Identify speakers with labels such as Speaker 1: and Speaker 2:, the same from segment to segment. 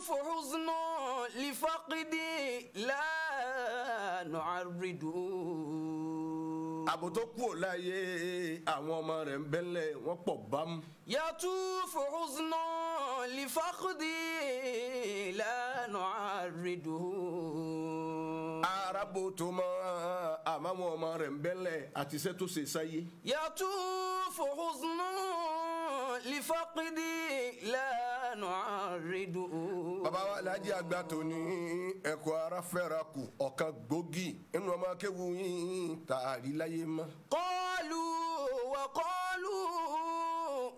Speaker 1: فحزن لفقد
Speaker 2: لا نعرض àbò kú ò àwọn ọmọ rẹ̀ ń bẹ́lẹ̀ wọ́n pọ̀ bámú.
Speaker 1: yàtú fòhùsùnà lìfàkùdì
Speaker 2: lánàá àrídò arabo tó mọ àmàmù ọmọ rẹ̀ ń àti iṣẹ́ tó ṣe sáyé.
Speaker 1: yàtú fòhùsùnù lífọ́pídì lẹ́nu
Speaker 2: àrídù. bàbá wa alhaji àgbà tó ní ẹ̀kọ́ ara fẹ́ra kù ọ̀kan gbòógì nínú ọmọ akéwu yìí tààrí láyé mọ́.
Speaker 1: kọ́ọ̀lù wà kọ́ọ̀lù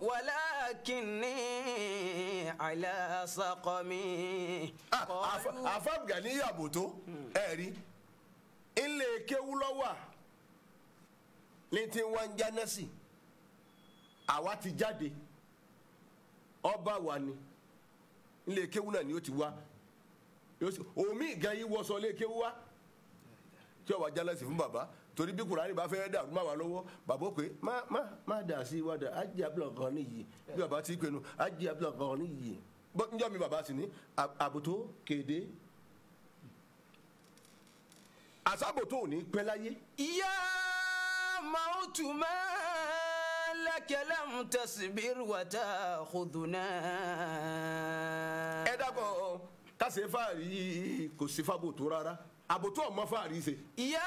Speaker 1: wàlákìnní àlàsàkọ́mí.
Speaker 2: àfàbùgà ah, ní yàbò tó hmm. ẹ̀rí ńlẹ̀ kéwú lọ́wọ́ ní tí wọ́n ń jánẹ́sì àwa ti jáde ọba wa ni ńlẹ̀ kéwú náà ni ó ti wá omi ìgànyí wọ́sọ̀ lé kéwú wá tí ó wà jánẹ́sì fún bàbá torí bí kùránì bá fẹ́ dàrú máa wà lọ́wọ́ bàbá pé má má má dà sí wàdà ájì abúlọ̀ kan níyì bí bàbá ti pinnu ájì abúlọ̀ kan níyì njọ́ mi bàbá sì ní àbùtó kéde àsábòtó ò pẹ́ láyé. ìyá màótù máa lákẹ́lẹ́
Speaker 1: ń tẹ̀síbírù wàtà ọ̀dùnà. ẹ
Speaker 2: dákọ̀ kásẹ̀ fáàrí kò sí fábòtó rárá àbòtó ọmọ fáàrí ṣe. ìyá.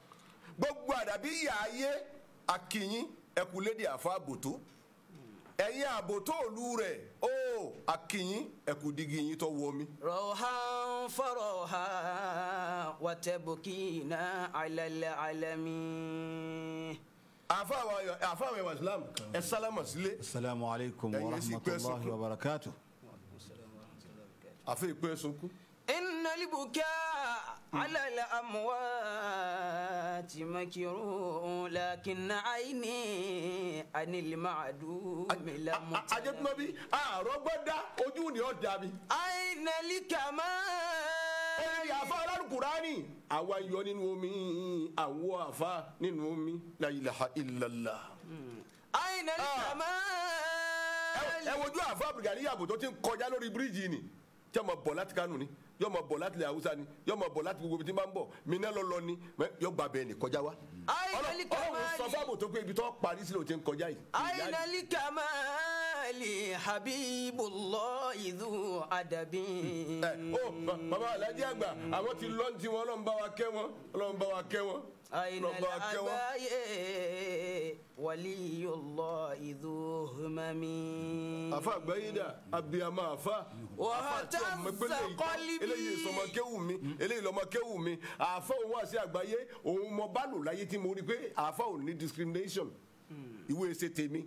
Speaker 2: gbogbo àdàbí ìyá ayé akínyín ẹkùlédè àfa àbòtó ẹ̀yin àbòtó òlu rẹ̀ ó akínyín ẹkùdígi yín tó wọ mi. rọ̀hán
Speaker 1: fọ̀rọ̀há wàtẹ́bùkínà àlàlẹ́ àlẹ́mí.
Speaker 2: àfàwọn àfàwọn ẹ̀wà islam ẹ sálámà sílé. asalaamualeykum wa rahmatulahi wa barakatu. àfi ìpè sunkún. إن
Speaker 1: البكاء على الأموات مكر لكن عيني عن المعدوم لمتر àjẹtùmọ̀bí
Speaker 2: àrògbọ́dá ojú ni ó dàbí. أين الكمال. ó ní àfa alárùkùránì àwa yọ nínú omi àwọ àfa nínú omi la ilaha illallah.
Speaker 1: أين الكمال. ẹ wojú
Speaker 2: àfa abdulgani yàgò tó ti ń kọjá lórí bíríìjì ni tí a ma bọ̀ láti kánò ni yọ ma bọ̀ láti ilẹ̀ ni yọ ma bọ̀ láti gbogbo tí n bá ń bọ̀ minna lọlọ ni yọ gba bẹ́ẹ̀ ni kọjá wa. ayinali kamali Ọlọ́run sọ fáwọn tó pé ibi tó parí sí ló ti ń kọjá yìí. ayinali kamali habibullah idu adabi. ẹ o baba alhaji
Speaker 1: àgbà àwọn ti lọ́ntì
Speaker 2: wọn Ọlọ́run bá wa kẹ́ wọn Ọlọ́run bá wa kẹ́ wọn. أين àgbáyé
Speaker 1: ولي الله humami. àfa
Speaker 2: àgbáyédà abiyamọ àfa àfa àti ọmọ gbẹlẹ yìí eléyìí sọmọ kéwù mi eléyìí lọmọ kéwù mi àfa òun àti àgbáyé òun mọ bá lò láyé tí mo rí pé àfa discrimination hmm. ìwé ṣe tèmi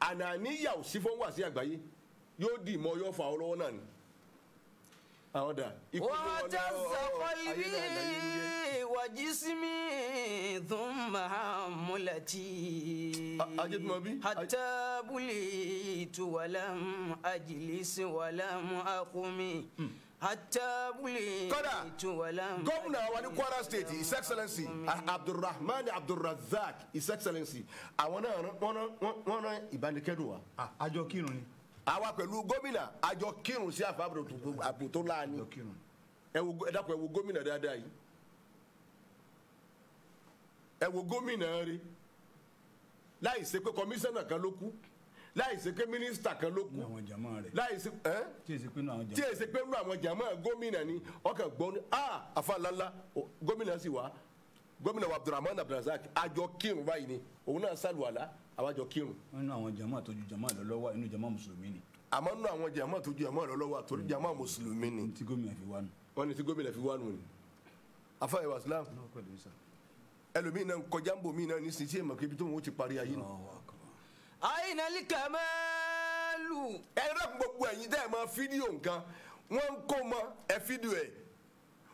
Speaker 2: ànàníyà ò sí fún wàásí àgbáyé yóò dì mọ́ ọ̀dà. wọ́jà sọ̀kọ́lì wàjí sími tún
Speaker 1: máa múlẹ̀ tí. ajẹ́tùmọ̀ bí. àtàbùlì tuwalam ajilisi walam akumi. àtàbùlì
Speaker 2: tuwalam. gómìnà wa ní Kwara State his excellency Abdulrahman Abdulrazak his excellency àwọn náà wọ́n rán ìbánikẹ́dùn wa. àjọ kírun ni àwa pẹ̀lú gómìnà àjọ kírun sí àfàbùrò àbò tó láàánú ẹ dákun ẹ wo gómìnà dáadáa yìí ẹ wo gómìnà rẹ̀ láì ṣe pé kọmíṣánná kan ló kú láì ṣe pé mínísítà kan ló kú láì ṣe ẹ tí èyí ṣe pé nínú àwọn jàmọ́ gómìnà ni ọkàn gbọ́ ah, a àfàlálá gómìnà sì wá gómìnà wa Abdulrahman Abdulrasaq àjọ kírun báyìí ni òun náà sálùwàlá àwa jọ kírun. nínú àwọn jama tó ju jama lọ lọ́wọ́ inú jama mùsùlùmí ni. àmọ́ nínú àwọn jama tó ju jama lọ lọ́wọ́ àtòrí jama mùsùlùmí ni. ti gómìnà fi wá nù. wọ́n ní ti gómìnà fi wá nù ni. afa ìwà islam ẹlòmíì náà kọjá ń bò míì náà ní sin sí èèmọ̀ kébi tó ń ti parí ayé nù. àyìnàlí kàmáàlù. ẹ rẹ gbogbo ẹ̀yin tẹ́ ẹ máa fídíò nǹkan wọ́n ń kó mọ ẹ fídíò ẹ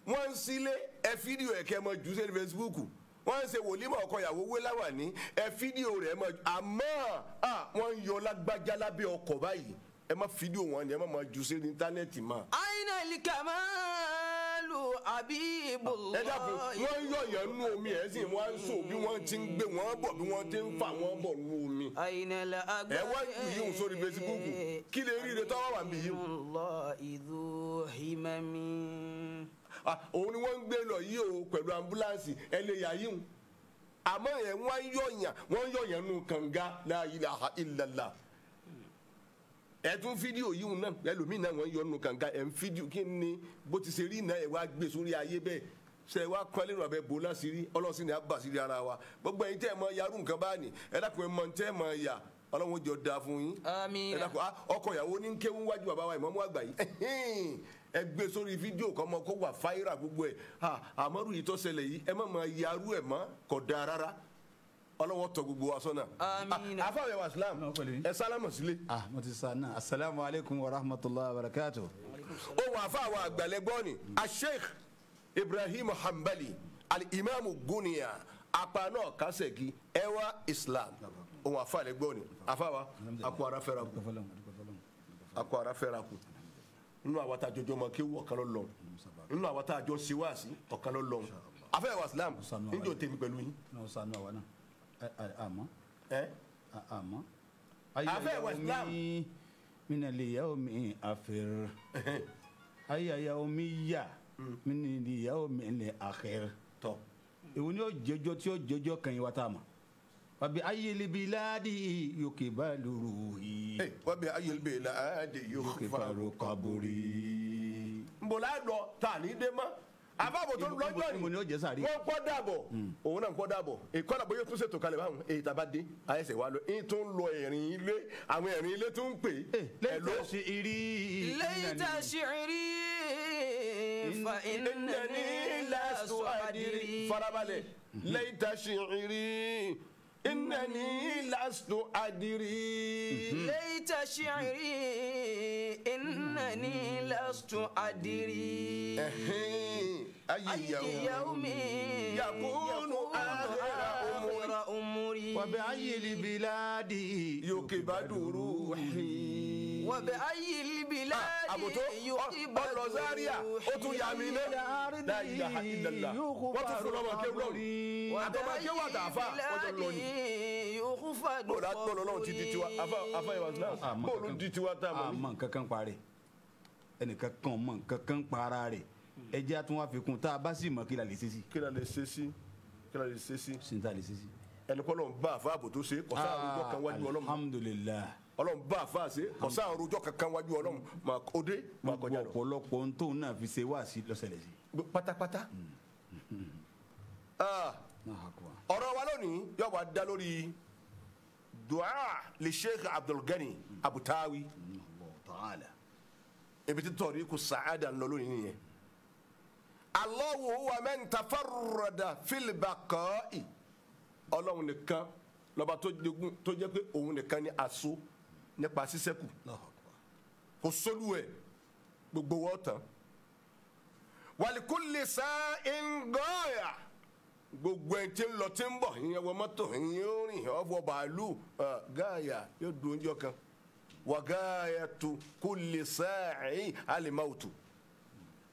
Speaker 2: wọ́n ń sílé ẹ fídíò ẹ kẹ́ ẹ jù sẹ́ni Facebook wọ́n ń ṣe wòlímọ̀ ọkọ ìyàwó wé láwàní ẹ fídíò rẹ̀ mọ̀ àmọ́ wọ́n ń yọ lágbájá lábẹ́ ọkọ̀ báyìí ẹ má fídíò wọn ni ẹ má máa jù sí íńtánẹ́ẹ̀tì mọ́.
Speaker 1: àyìnà ìlìkàmọ́ lu Habibullah. ẹ dàpọ̀ wọ́n ń
Speaker 2: yọ̀yàn nú omi ẹ̀ sì wọ́n ń sọ bí wọ́n ti ń gbé wọ́n bọ̀ bí wọ́n ti ń fà wọ́n bọ̀ nú omi. àyìnà ìlà àgbà ẹ wá ju yíyún sórí Facebook kí lè rí ire tọ́wọ́ wà mí yíyún. Ah, òun ni wọ́n ń gbé lọ yìí o pẹ̀lú ambulance ẹ lè yà àmọ́ yẹn wọ́n ń yọ̀yàn wọ́n ń yọ̀yàn nù kànga la ilaha illallah ẹ tún fídíò yìí náà ẹlòmíì náà wọ́n ń yọ̀nù kànga ẹ̀ ń fídíò kí ni bó ti ṣe rí náà ẹ̀ wá gbé sórí ayé bẹ́ẹ̀ ṣe wa kọ́ lẹ́nu abẹ bò lásìrí ọlọ́sìn ní abàsírí ara wa gbogbo ẹ̀yin tẹ́ ẹ̀ mọ yarú nǹkan bá ní ẹ dákun ẹ̀ mọ tẹ́ ẹ̀ mọ yà ọlọ́run jọ da fún yín ẹ dákun ah, ọkọ ìyàwó ní kéwú wájú bàbá wa ìmọ̀mú àgbà yìí ẹ gbé sórí fídíò kan mọ kó wà fáírà gbogbo ẹ àmọ́rù yìí tó ṣẹlẹ̀ yìí ẹ má máa yarú ẹ̀ mọ́ kò dáa rárá ọlọ́wọ́ tọ́ gbogbo wa sọ́nà. amiina afáwẹ̀ ah, wa silam ẹ sálámù sílé. ah mo ti sa náà asalaamu aleykum wa rahmatulahi wa barakatu. ó wà fáwọn àgbàlẹ́gbọ́n ni asheikh ibrahim hanbali alimami guniya apana kasegi ẹwà islam òun àfàlẹ́gbọ́n ni àfàwà akọ ara fẹ́ra kù akọ ara fẹ́ra nínú àwọn tá a jọjọ mọ kéwú ọ̀kan lọ lọ́hùn nínú àwọn tá a jọ ṣe wáàsí ọ̀kan lọ lọ́hùn afẹ́ wa Islam níjọ́ tèmi pẹ̀lú yín. n'o sanu àwa náà àmọ́ àmọ́ afẹ́ wa Islam. minali yawo mi afẹ́rẹ́ ayayawo ya yá hmm. minali yawo mi lè àkẹ́rẹ́. tọ́ èwo ni yóò jẹjọ tí yóò jẹjọ kàn wa tá a mọ̀ wàbí ayélujára láàdì yòókè bá lóru yìí. wàbí ayélujára láàdì yòókè bá lóru kaburi. nbọlá lọ tà ní dé mọ́ àbábò tó lọ́jọ́ yìí wọ́n kọ́ dàbọ̀ òun náà kọ́ dàbọ̀ ìkọ́dà bóyá tún ṣètò kalẹ̀ báwọn èyí tàbá dé àyẹ̀sẹ̀ wa lọ èyí tó ń lọ ẹ̀rìn ilé àwọn ẹ̀rìn ilé tó ń pè é lọ. lẹ́yìn tá
Speaker 1: a ṣe rí eh, fa iná ní farabalẹ̀
Speaker 2: hmm. lẹ́yìn tá a ṣe rí. إنني لست أدري
Speaker 1: ليت شعري إنني لست أدري أي يوم يكون آخر
Speaker 2: أمري وبأي البلاد يكبد روحي
Speaker 1: wọ́n bẹ ayé ibi láàyè àbòtó ọlọ Zaria ó tún yà mí lé láyà ìlàlà wọ́n tún fún lọ́mọ kéwù
Speaker 2: lọ́wọ́ àtọ́mọ kéwù àtàfà wọ́n tún lọ ní.
Speaker 1: bọ́ọ̀lù àtọ́lọ́ náà ti di tiwa àfà àfà ìwà islam bọ́ọ̀lù di
Speaker 2: tiwa tá a mọ̀ nǹkan ah, kan parí ẹnìkan kan mọ̀ nǹkan kan para rẹ̀ ẹ jẹ́ àtúnwá fi kún tá a bá sì mọ̀ kí la lè ṣe sí. kí la lè ṣe sí kí la lè ṣe sí. sinta lè ṣe sí ẹnikọ́lọ́ ń bá àfa àbò ṣe kọ́sá ah, àrùn ọlọ́run bá a fa ṣe ọ̀sán àròjọ kankan wájú ọlọ́run máa kó dé máa kọjá lọ. ọ̀pọ̀lọpọ̀ ohun tóun náà fi ṣe wá sí lọ́sẹ̀lẹ̀ sí. pátápátá hmm. ah, ọ̀rọ̀ wa lónìí yóò wá dá lórí dua le sheikh abdulgani hmm. abutawi ibi tí tọ̀rí kò sàádà ń lọ lónìí nìyẹn. Allahu huwa man tafarrada fil baqa'i ọlọ́run nìkan lọ́ba tó jẹ́ pé òun nìkan ni àṣọ. nípa ṣíṣẹ́kù kò sólú ẹ̀ gbogbo wọ́n tán wàlíkúlì sá gbogbo ẹni tí ń lọ tí ń bọ̀ ìyẹn bàálù gáàyà yóò dùn oúnjẹ kan wà gáàyà tó lè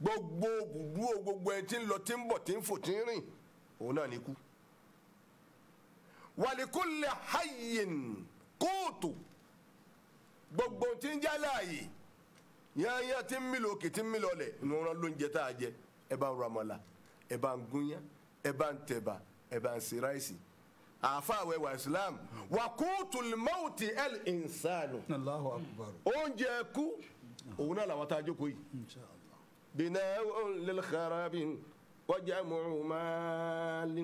Speaker 2: gbogbo gbogbo ẹni tí ń lọ tí ń bọ̀ tí ń fò tí ń gbogbo tí ń jẹ́ láàyè yányá tí ń mìlò òkè tí ń mìlò ọlẹ̀ ni wọ́n ló ń jẹ tá a jẹ ẹ bá ń ro àmàlà ẹ bá ń gúnyán ẹ bá ń tẹ̀bà ẹ bá ń ṣe ráìsì àfàwẹ̀ wa islam wà kútùl mọ́ọ̀tì ẹ̀l ìnsánù oúnjẹ kú òun náà làwọn tá a yìí bìnnà lil kharabin wọ́jà mọ̀ọ́mọ́lì.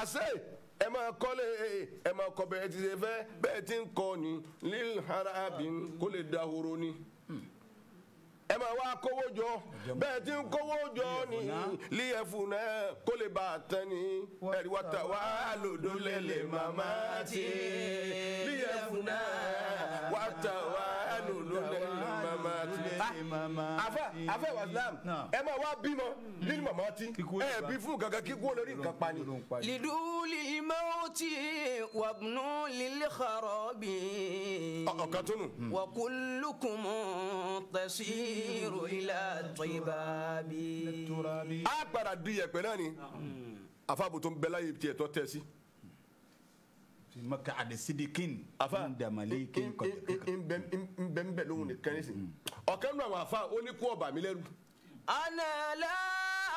Speaker 2: àṣẹ ẹ máa kọ́lé ẹ máa kọ́ bẹ́ẹ̀ ti ṣe fẹ́ bẹ́ẹ̀ ti ń kọ́ ni lil harabin kó lè dahoro ni ẹ máa wá kówó jọ bẹ́ẹ̀ tí ń kówó jọ ní líẹ̀fù náà kó lè bá a tán ní ẹ̀rí wata wá lòdó lẹ́lẹ̀ màmá tí líẹ̀fù náà wata wá màmá tí. afa afa wasilam ẹ máa wá bímọ lílù hmm. màmá tí ẹ bí fún kankan kíkú olórí nǹkan pani.
Speaker 1: lidu lil mawti wabnu lil kharabi. ọ̀kan tó nù. wa kullukum tasiru ila
Speaker 2: tibabi. a padà du yẹ̀pẹ̀ náà ni afa hmm. bùtò ń bẹ láyé tiẹ̀ tọ́ tẹ̀ sí maka adesidikin. afa ndamalikin nbẹnbẹ lóhun de kẹrin mm. sin ọkàn nínú àwọn afa ó ní kú ọba mi lẹ́rù.
Speaker 1: anala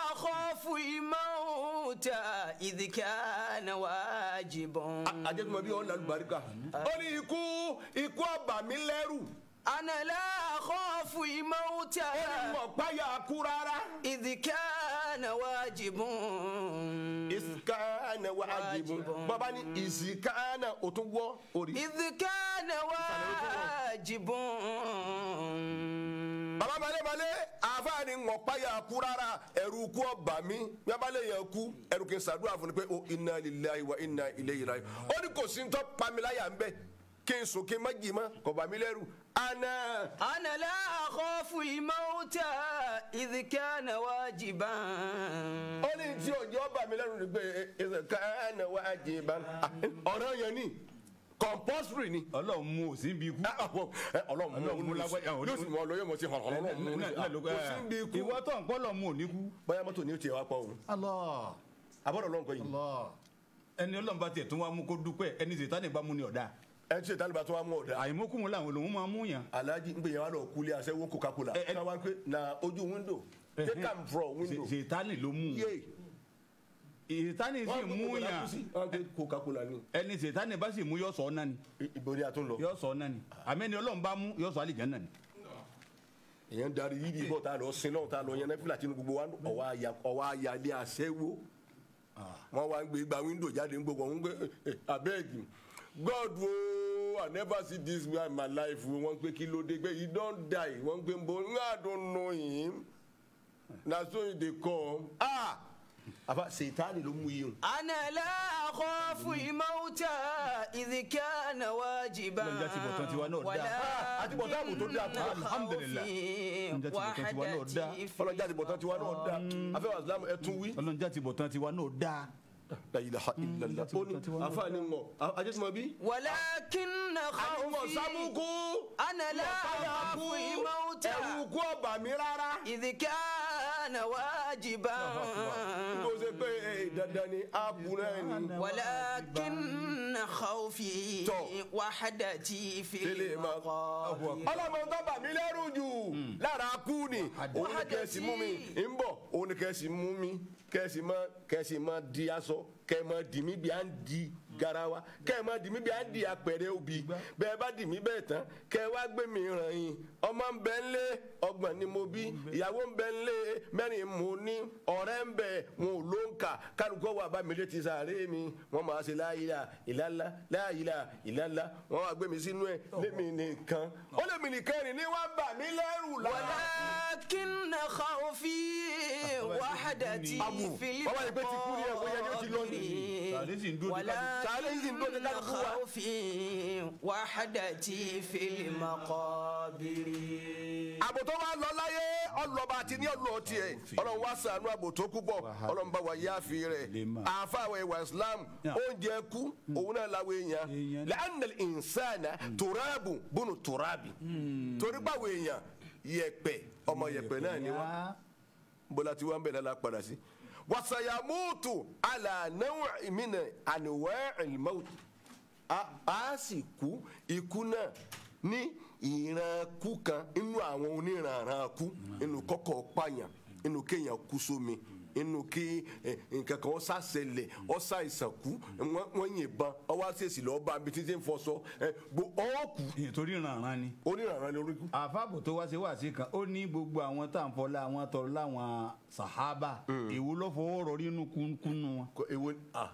Speaker 1: akọfu imauta idikana wajibon.
Speaker 2: ajẹ́tumọ̀ bí ọ̀nà àlùbáríkà
Speaker 1: ó ní ikú ikú ọba mi lẹ́rù anala akọ́fù ìmọ̀ọ́tà. ó ní mọ̀ páyà kú rárá. ìdíkà na wajibun. isikana wajibun. bàbá ni isikana o tún wọ́ orí. isikana
Speaker 2: wajibun. bàbá balẹ̀balẹ̀ àáfàá ni ńọ̀pá yà kú rárá ẹ̀rù kú ọba mi yabalẹ̀ yà kú ẹ̀rù kì í ṣàdúrà fún mi pé o oh, inna lillahi wa inna ilayhi raji. ó ní kò sí ń tọ́ pamela ń bẹ́ẹ̀ kí n sùn kí n má jì mọ́ kò bà mí lẹ́rù. ana.
Speaker 1: ana la akhafu al-mawta
Speaker 2: idh kana wajiban. ó ní tí òjò bà mí lẹ́rù ni pé idh eh, eh, eh, kana wajiban. Ah, ọ̀rọ̀ yẹn ni compulsory ni. Ọlọ́run mú o sí bí ikú. Ọlọ́run mú lágbájá o yóò sì mú ọlọyọ mọ sí ọhún Ọlọ́run mú o sí bí ikú. ìwọ tó ń pọ́ lọ́ọ́ mú ò ní kú. bóyá mọ́tò ni ó tiẹ̀ wá pọ̀ o. àbọ̀dọ̀ lọ́nkọ yìí. ẹni Ọlọ́run bá tiẹ̀ tún wá mú kó dúpẹ́ ẹni sèta ni bá mú ni ọ̀dà. ẹ ti ṣe tó wá mú ọ̀dà. àìmọ́kùn wọn làwọn máa mú yàn. alhaji ń gbìyànjú àlọ́ kúlé aṣẹ́wó coca-cola na ojú windo. take am from window. ṣètánì ló mú un sì mú yàn ẹni ìsètánì bá sì mú yọ sọ náà ni yọ sọ náà ni àmẹ́ni bá mú yọ sọ àlìjẹ́ èèyàn darí bọ̀ tá a lọ sin tá a lọ yẹn ah. gbogbo god o i never see this guy in my life o wọ́n pé kí he don die wọ́n pé bo ah, i don't know him na so he dey come ah aba seetaani ló mú yín. ana
Speaker 1: la akhafu imauta idh kana wajiba. ǹjẹ́ àti bọ̀tán tiwa náà dáa ah, àti bọ̀tán àbò tó dáa tó alhamdulillah ǹjẹ́ àti bọ̀tán tiwa náà dáa ọlọ́jà àti bọ̀tán tiwa náà dáa afẹ́wàsílámù ẹ̀ tún wí. Mm.
Speaker 2: ọlọ́jà àti bọ̀tán tiwa náà dáa la ilaha illallah ó ní àfààní mọ ajẹsùmọ bí. walakinna khawfi ana la akhafu mawta ẹ̀wù kú ọ̀bà mi rárá.
Speaker 1: ìdíkà na wajiban. kó o ṣe pé dandan ni a kun náà ni. walakinna khawfi wahdati fil
Speaker 2: maqam. ọlọ́mọ tó bà mí lẹ́rù jù lára kú ni òun ni kẹ́sì mú mi ń bọ̀ òun ni kẹ́sì mú mi kẹsì mọ kẹsì mọ di aṣọ kẹ dìmí bí à ń di garawa kẹ mọ dìmí bí à ń di apẹ̀rẹ̀ obì bẹ́ẹ̀ bá dìmí bẹ́ẹ̀ tán kẹ wá gbé mi ràn yín ọmọ ń bẹ ńlé ọgbọ̀n ni mo bí ìyàwó ń bẹ ńlé mẹ́rin mo ní ọ̀rẹ́ ń bẹ wọn ò ló ń kà kálukọ́ wà bá mi létí sàárè mi wọ́n máa ṣe láyìlá ìlàlá láyìlá ìlàlá wọ́n wá gbé mi sínú ẹ̀ lémi nìkan ó lémi nìkan ni wọ́n bà mí lẹ́rù lára. wàlákin khawfi ah, wahdati kù bàbá yìí pé ti kú ní ẹ̀ bóyá ni ó ti lọ ní.
Speaker 1: sàlẹ́sì ń dúró ní káàdì sàlẹ́sì ń dúró ní káàdì fún wa. wàhádàtì fílímà kọ́bìrì. àbò tó máa lọ láyé ọlọ́ba àti
Speaker 2: ní ọlọ́ tiẹ̀ ọlọ́run wá sànú àbò kú bọ̀ ọlọ́run bá wa yáàfi rẹ̀ àáfà àwọn ìwà Islam oúnjẹ kú hmm. òun náà làwọn èèyàn lẹ́nà ìnsánà tòráàbù bùnú tòráàbì torí báwo èèyàn yẹ̀pẹ̀ ọmọ yẹ̀pẹ̀ náà ni wá bọ́lá tí wọ́n ń bẹ̀ la padà sí wasayamutu ala nawu mina anuwa ilmauti a sì kú ikú náà ní ìrànkú kan inú àwọn oníranran kú inú kọ́kọ́ pààyàn inú kéèyàn kú sómi. So inú kí eh, nǹkan kan ọ̀sà ṣẹlẹ̀ ọ̀sà ìsànkú wọ́n yìnbọn ọwọ́ àṣẹ̀sì lọ́ọ́ bá mi títí ń fọṣọ gbogbo eh, ọ̀ọ́kù. ètò oníranran ni. oníranran ni àfàbò tó gbogbo àwọn tá à ń fọlá àwọn tọrọ láwọn sàhábà hmm. èwo ló fọwọ́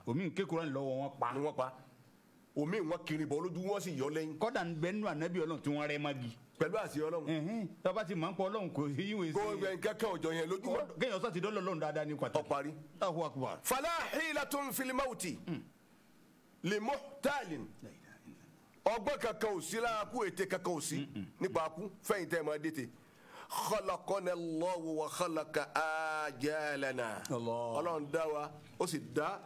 Speaker 2: omi lọ́wọ́ wọn pa. omi wọn kiri bọ́ lójú wọn sì yọ lẹ́yìn. kọ́dà bẹ́ẹ̀ nù pẹ̀lú àṣì ọlọ́run. tọ́ba ti máa ń pọ ọlọ́run kò sí ìwé sí. kò gbẹ̀ kẹ́kẹ́ ọjọ́ yẹn lójúmọ́. kéèyàn sọ ti dọ́lọ́ lọ́run dáadáa ní pàtàkì. ọparí. ahu akuba. fala hilatun fil mauti hmm. limu taalin ọgbọ́n kankan ò sí lára kú ète kankan ò sí hmm, hmm. nípa kú fẹ́yìn tẹ́ ẹ máa dé khalaqana Allahu wa khalaqa ajalana Ọlọ́run dá wa ó sì dá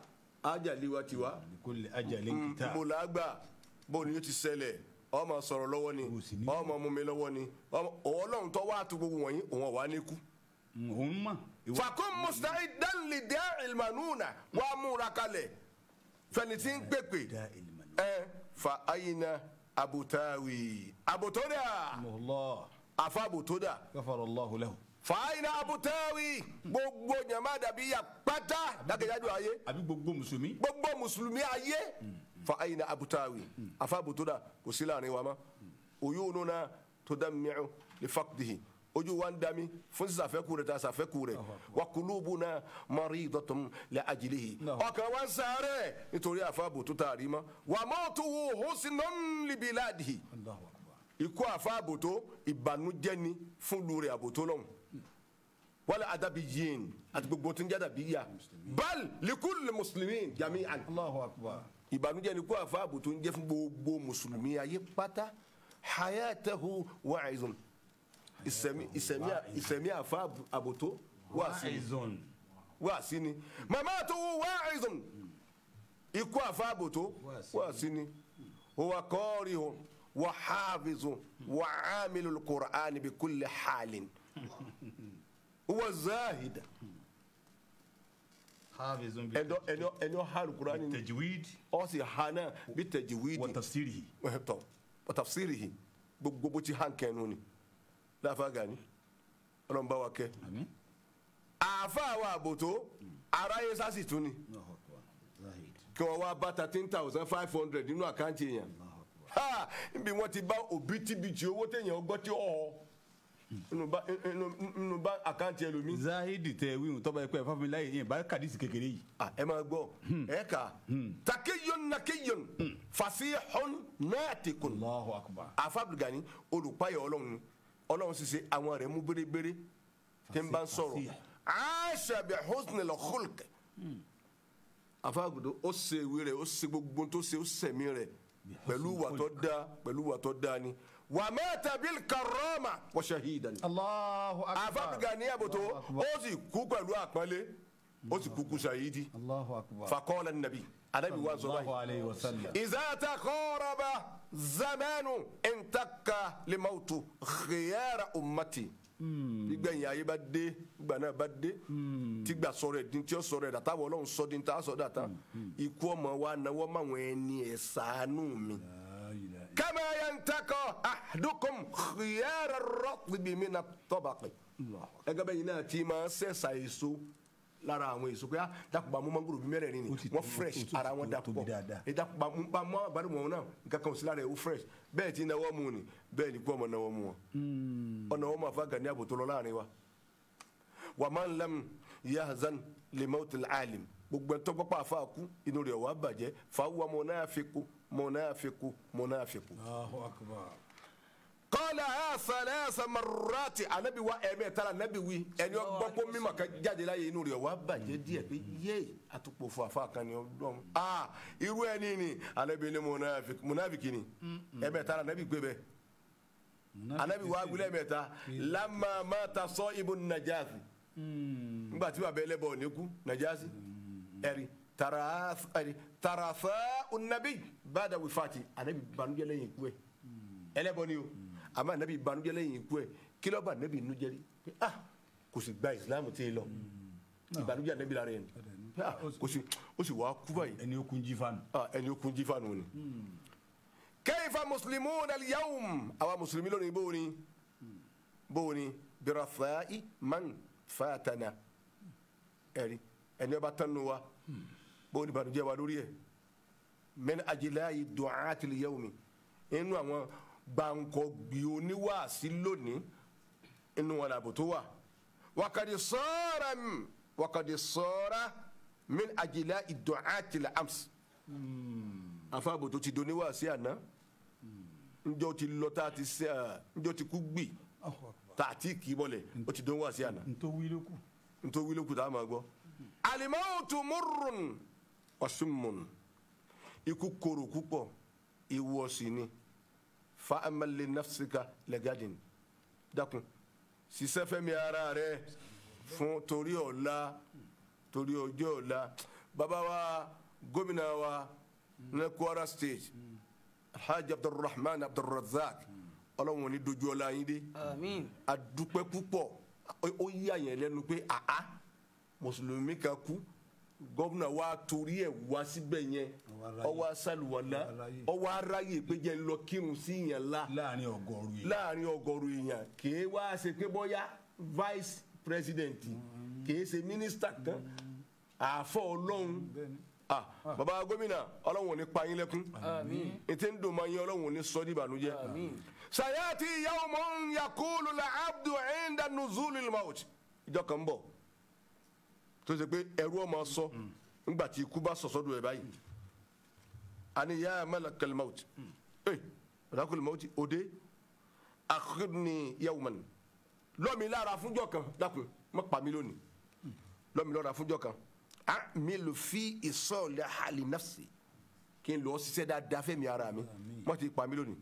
Speaker 2: ajali wa tiwa. kò lè ajali kìtà ọmọ sọ̀rọ̀ lọ́wọ́ ni ọmọ mumi lọ́wọ́ ni ọlọ́run tó wá tu gbogbo wọ̀nyí òun wà ní kú. òun mọ̀. fakun musta'i dalili dẹ́ ilmanuna wà á múra kalẹ̀ fẹni tí ń pèpè ẹ fa ayina abutawi abotoda afa abotoda fa ayina abutawi gbogbo ɲama dàbí yà pátá dákẹ́jáde ayé. gbogbo mùsùlùmí. gbogbo Mm fa àyìnà abutawi afa butuda kò sí láàrin wa mọ́ uyununa tudammi'u li faqdihi ojú wa ń dami fún sàfẹ́kù rẹ̀ ta sàfẹ́kù rẹ̀ wa kulubuna maridatun li ajlihi ọkàn wa ń sàárẹ̀ nítorí àfa bututa rí mọ́ wa mautuhu husnun li biladihi ikú àfa àbòtó ìbànújẹ́ ni fún lórí àbòtó náà wala adabi yin àti gbogbo tí ń jẹ́ dàbí yá bal muslimin jami'an. Allahu akbar. ìbànújẹ́ ni kó àfáàbò tó ń jẹ́ fún gbogbo mùsùlùmí ayé pátá hayatahu wa'izun ìsẹ̀mí àfáàbò tó wà mama ni mamatuhu wa'izun iko àfáàbò tó wà sí ni huwa qarihun wa hafizun wa amilul qur'ani bi kulli halin huwa zahida. ɛnɔ ha alukurani ɔsi ha náà bi tajwidi wa tafsirihi gbogbo bó ti hàn kẹnu ni láfa gani ọlọ́run bá wa kẹ àáfà wa àbòtó aráyé sásì tún ni kí wọ́n wá bá thirteen thousand five hundred nínú àkáǹtì èèyàn níbi wọ́n ti bá òbítíbitì owó téèyàn ọgbọ́n tí ọ̀ nínú hmm àkáǹtì ẹlòmíì. zahidi tẹ wíwùn tọ́ba ẹ̀kọ́ ẹ̀ fáfúnmi láyé yẹn bá kàdísì kékeré yìí. ẹ máa gbọ́ hmm. ẹ kà hmm. takeyon nakeyon hmm. fasihun naatikun Allahu akbar afa abdulgani olùpayọ Ọlọ́run Ọlọ́run ṣiṣẹ àwọn rẹ mú bérebére tí n bá ń sọ̀rọ̀ aṣa bi husnil khulq afa agudo ó ṣe ìwé rẹ ó ṣe gbogbo tó ṣe ó ṣẹmí rẹ pẹ̀lú wàtọ dáa pẹ̀lú wàtọ dáa ni wa mata bil karama wa shahidan. Allahu akbar afa Gani Aboto ó sì kú pẹ̀lú àpọ́nlé ó sì kúkú shahidi. Allahu akbar fakọ́lá nàbí anabi wa sọ báyìí. iza taqaraba zamanu intaka limautu khiyara ummati gbígbẹ̀yìn hmm. ayé bá dé gbà náà bá dé hmm. tígbà sọ̀rọ̀ ẹ̀dín tí ó sọ̀rọ̀ ẹ̀dá táwọn ọlọ́run sọ tá a sọ dàtà hmm. ikú ọmọ wa náwó máwọn ẹni ẹ̀ sàánú mi. Yeah. كما yantaqa أحدكم خيار ar-ratbi min at-tabaq ẹgbẹ́ bẹ́yìn náà ti máa sẹ́sà èso lára àwọn èso pé ah, dákùbà mú mangoro bí mẹ́rẹ̀ẹ̀rin ni wọ́n fresh ara wọn dàpọ̀ ìdàkùbà mú bá mọ́ àgbàdo mọ̀ wọn náà nǹkan kan sí lára ẹ̀ ó fresh bẹ́ẹ̀ ti náwó mu ni bẹ́ẹ̀ ni kú ọmọ náwó mu wọn hmm. ọ̀nà wọn máa fa Gani àbòtó lọ láàrin wa wa man lam yahzan li mawt al-alim gbogbo ẹ̀ tọ́gbọ́pọ̀ àfa kú inú rẹ̀ wà bàjẹ́ fàáwọ́ munafiqu munafiqu Allahu akbar kọ́lá àṣàlẹ́sà marati anabi wa ẹ̀mẹ́tara anabi wi ẹni ọgbọ́n pọ́ mímọ̀ ká jáde láyé inú rẹ̀ wá bàjẹ́ díẹ̀ pé yéé àtúpọ̀ fún ah iru ẹni ni anabi ni munafiki ni ẹ̀mẹ́tara anabi gbé mata sọ ibu najasi tarafa unabi bada wifati anabi banújẹ́ lẹ́yìn ikú ẹ ẹlẹ́bọ o àmọ́ anabi banújẹ́ lẹ́yìn ikú ẹ kílọba anabi nujẹ ah kò sì gba ìsìlámù tí ì lọ hmm. ìbànújẹ́ anabi lára yẹn ah, kò sì ó sì wàá kú báyìí. ẹni okun jí fanu. Ah, ẹni okun jí ni. Hmm. kayfa muslimuna al-yawm àwa mùsùlùmí lónìí bó ni hmm. bó ni birafa'i man fatana ẹni ẹni ọba tánu wa bó ní ìbànújẹ́ wa lórí ẹ̀ mẹ́ni ajílẹ̀ dùn àtìlẹ̀ yẹ̀ omi inú àwọn gbàǹkọ̀gbì oníwàásí lónìí inú wọn làbò tó wà wàkàdì sọ́ra wàkàdì sọ́ra mẹ́ni ajílẹ̀ dùn àtìlẹ̀ ams afáàbò hmm. tó ti do oníwàásí àná hmm. njọ́ ti lọ tá a ti sẹ́ ẹ̀ njọ́ ti kú gbì tá a ti kì í bọ̀lẹ̀ ó ti do oníwàásí àná ntọ́ wílé kù ntọ́ wílé kù tá a máa gbọ́ alimọ́wò tó mú ọ̀sùnmùn ikú korò púpọ̀ ìwú ọ̀sìn ni fa amalẹ̀ nafsika lẹ́gàdìn dákun ṣiṣẹ́ fẹ́mi ara rẹ fún torí ọ̀la torí ọjọ́ ọ̀la bàbá wa gómìnà wa ní Kwara state alhaji abdulrahman abdulrazak ọlọ́run ní dojú ọlá yín dé a dúpẹ́ púpọ̀ ó yà yẹn lẹ́nu pé àá mùsùlùmí kan kú gómìnà wa torí ẹ wá síbẹ̀ yẹn ọwọ́ asálùwọ̀lá ọwọ́ aráyè pé jẹ́ lọ kírun sí yẹn la láàrin ọgọ́rù yẹn láàrin ọgọ́rù yẹn kèé wá ṣe pé bọ́yá vice president kèé ṣe minister kan àfọ ọlọ́run ah baba gómìnà ọlọ́run ò ní pa yín lẹ́kún ètè ń dùn máa yín ọlọ́run ò ní sọ dìbànújẹ́ sayati yawmun yakulu la abdu inda nuzulil mawt ìjọ kan bọ̀ tó ṣe pé ẹrú ọmọ sọ ńgbà tí ikú bá sọ sọ́dọ̀ ẹ̀ báyìí àníyá malakal mawt ẹ eh, malakal mawt òde akhirni yawman lọ́mi lára fúnjọ́ kan dákun má pa mí lónìí lọ́mi lọ́ra fúnjọ́ kan mi lò fi ìsọ̀lẹ̀ hali nafsi kí n lọ ṣiṣẹ́ dáadáa fẹ́mi ara mi má ti pa lónìí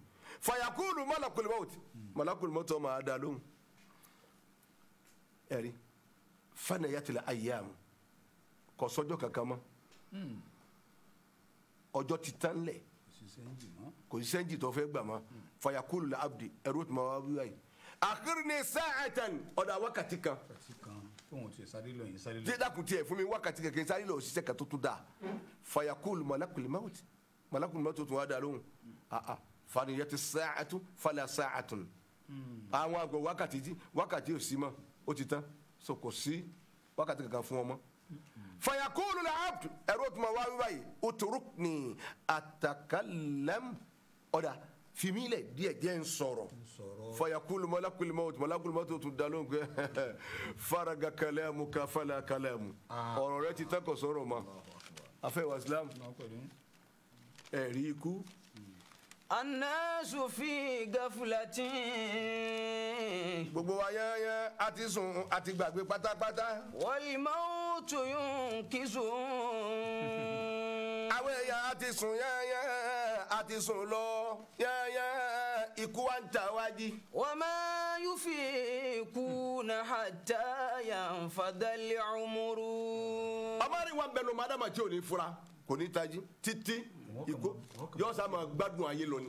Speaker 2: fàyàkùnù malakul mawt malakul mawt ọ̀ máa dá lóhùn fana yatila ayam kò sọ́jọ́ kankan mọ́ hmm. ọjọ́ ti tán lẹ̀ kò sí sẹ́ńjì tó fẹ́ gbà mọ́ hmm. fayakulu la abdi ẹrú tó ma wá wíwá yìí akirini sa'atan ọ̀dà wákàtí kan dídàkùn tiẹ̀ fún mi wákàtí kan kì í sáré lọ òṣìṣẹ́ kan tó tún dà fayakulu malakul mawuti malakul mawuti tó tún wá dà lóhùn faniyati sa'atu fala sa'atun hmm. àwọn àgọ́ wákàtí wákàtí ò sí mọ́ ó ti tán so kò sí wákàtí kankan fún ọmọ. fayakulu la abdu ẹ̀rọ tuma wá wíwá yìí uturukni atakalam ọ̀dà fìmílẹ̀ díẹ̀ jẹ́ ń sọ̀rọ̀ fayakulu malakul maut malakul maut tó tún dalóhùn pé faraga kalamu kafala ah. kalamu ọ̀rọ̀ rẹ ti tẹ́kọ̀ sọ̀rọ̀ ma afẹ́ wa islam ẹ̀rí ikú
Speaker 1: annasu fi gaflatin. gbogbo wa yẹ́yẹ́ a ti sùn a ti gbàgbé pátápátá. wal mautu yunkisun. àwọn èèyàn a ti sùn yẹ́yẹ́ a ti sùn lọ yẹ́yẹ́ ikú wa ń ta wá jí. wa ma yufikuna hatta
Speaker 2: yanfadali umuru. ọmọ rí wa bẹ̀rù mádàmá tí ò ní fura kò ní tají títí igbó yóò sá ma gbádùn ayé lọ ni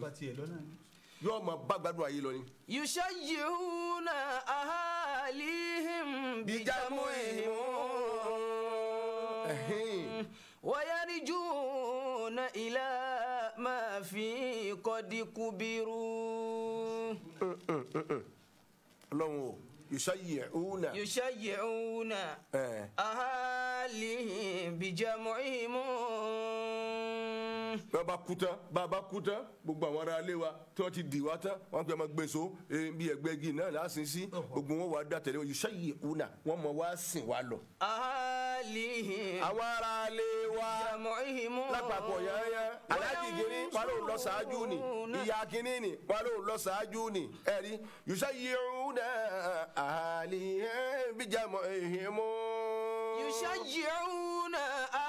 Speaker 2: yóò ma bá gbádùn ayé lọ ni.
Speaker 1: yusa yihuna ahalihim bijamu ihun wayarijuna ila ma fi kọ́dí kubiru.
Speaker 2: ọlọ́run o yusayi'una
Speaker 1: yusayi'una ahali bijamu'imu
Speaker 2: bàbá kuta bàbá kuta gbogbo àwọn ará ilé wa tí wọ́n ti dì wá tán wọ́n gbé ọmọ gbèsò eh, bí ẹgbẹ́ igi náà lásìn sí gbogbo wọn wà dá tẹ̀lé iṣẹ́ yìí una wọ́n mọ̀ wá sìn wá lọ. àwọn ará ilé wa lápapọ̀ yẹ́yẹ́ aláàjì gírí wọn ló lọ ṣáájú ni ìyá kínní ni wọn ló lọ ṣáájú ni ẹ̀rí iṣẹ́ yìí una àlìyé bíjà mọ̀ èhìn mọ́. yìí una àlìyé.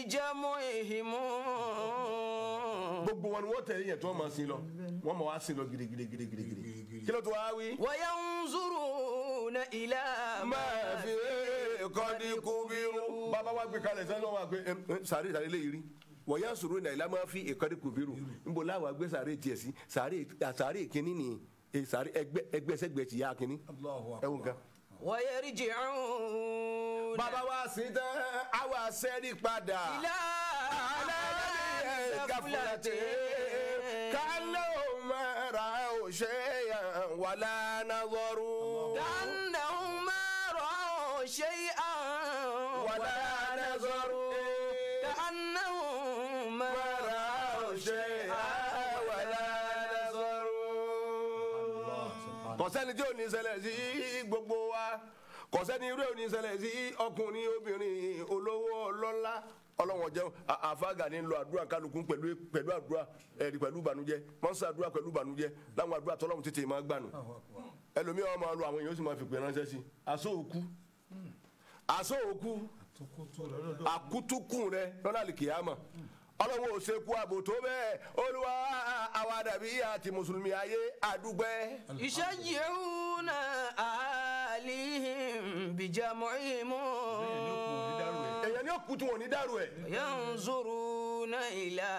Speaker 2: ìjẹ́mọ́hìmú. gbogbo wọn ni wọ́n tẹ̀lé yẹn tí wọ́n máa sin lọ wọ́n máa wá sin lọ gidigidigidigidi kí ló tó wá wí. wọ́yá ń zúrù ní ilé máa fi kọ́ni kúbírú. bàbá wa gbé kalẹ̀ sẹ́ni wọn gbé sàrí ń ní máa fi láwa gbé sàrí tiẹ̀ sí sàrí ni sàrí ẹgbẹ́ ẹgbẹ́ sẹ́gbẹ́ yá
Speaker 1: wọ́yẹ̀rì jẹun. bàbá wa sí tán
Speaker 2: a wà sẹ́rí
Speaker 1: padà. ilá alẹ́ gàfúlàtì kálọ̀
Speaker 2: mẹ́ra ò ṣe yàn wàlá náà wọ́rù. dáná
Speaker 1: mẹ́ra ò ṣe yàn wàlá náà wọ́rù. dáná mẹ́ra ò ṣe yàn wàlá
Speaker 2: náà wọ́rù. tí ò ní ṣẹlẹ̀ sí gbogbo kọ̀sẹ́ni irú ẹ̀ ò ní ṣẹlẹ̀ sí ọkùnrin obìnrin olówó ọlọ́lá ọlọ́wọ́n jẹ́ àfáàgà ní lọ àdúrà kálukú pẹ̀lú pẹ̀lú àdúrà ẹ̀rí pẹ̀lú ìbànújẹ́ mọ́nsá àdúrà pẹ̀lú ìbànújẹ́ láwọn àdúrà tọ́lọ́run tètè máa gbànú ẹlòmíì ọmọ ọlọ àwọn èèyàn sì máa fi pè ránṣẹ́ sí àsó òkú àsó òkú àkútúkù rẹ lọ́nà àlìkìyàmọ̀ ọlọ́run ò ṣekú ààbò tó bẹ́ẹ̀ olúwa àwa dàbí àti mùsùlùmí ayé àdúgbẹ́. ìṣèjì ehun náà
Speaker 1: alihim bijamuhim. èyàn ni ó kú tí wọn ò ní dárò yanzuruna ila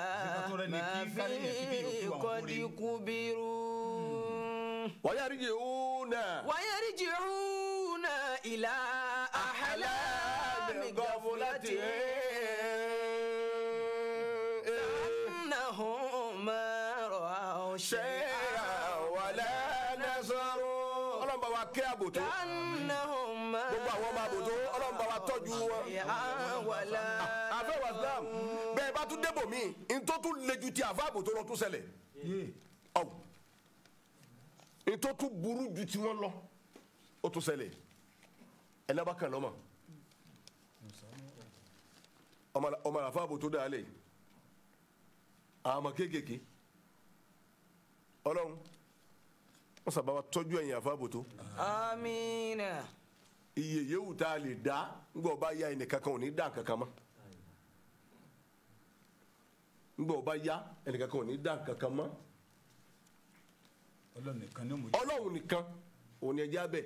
Speaker 1: ma fi qad kubiru. wàyà ríjì ila.
Speaker 2: tó tún leju ti àfáàbò tó lọ tún ṣẹlẹ̀ ọ̀hún ètò tún burú ju tí wọ́n lọ ó tún ṣẹlẹ̀ ẹlẹ́bàkan lọ́mọ ọmọ àfáàbò tó dáa lẹ̀ àmọ́ kéékèèké ọlọ́run wọ́n sábà wa tọ́jú ẹ̀yìn àfáàbò tó. àmín. iye yòówù tá a lè dá ń gbọ́ bá yá ẹnì kankan ò ní dá kankan mọ́ nígbà ọba yá ẹnìkan kan ò ní dá nǹkan kan mọ́ nìkan ni òmòjútó ọlọ́run nìkan òun ni ẹja bẹ̀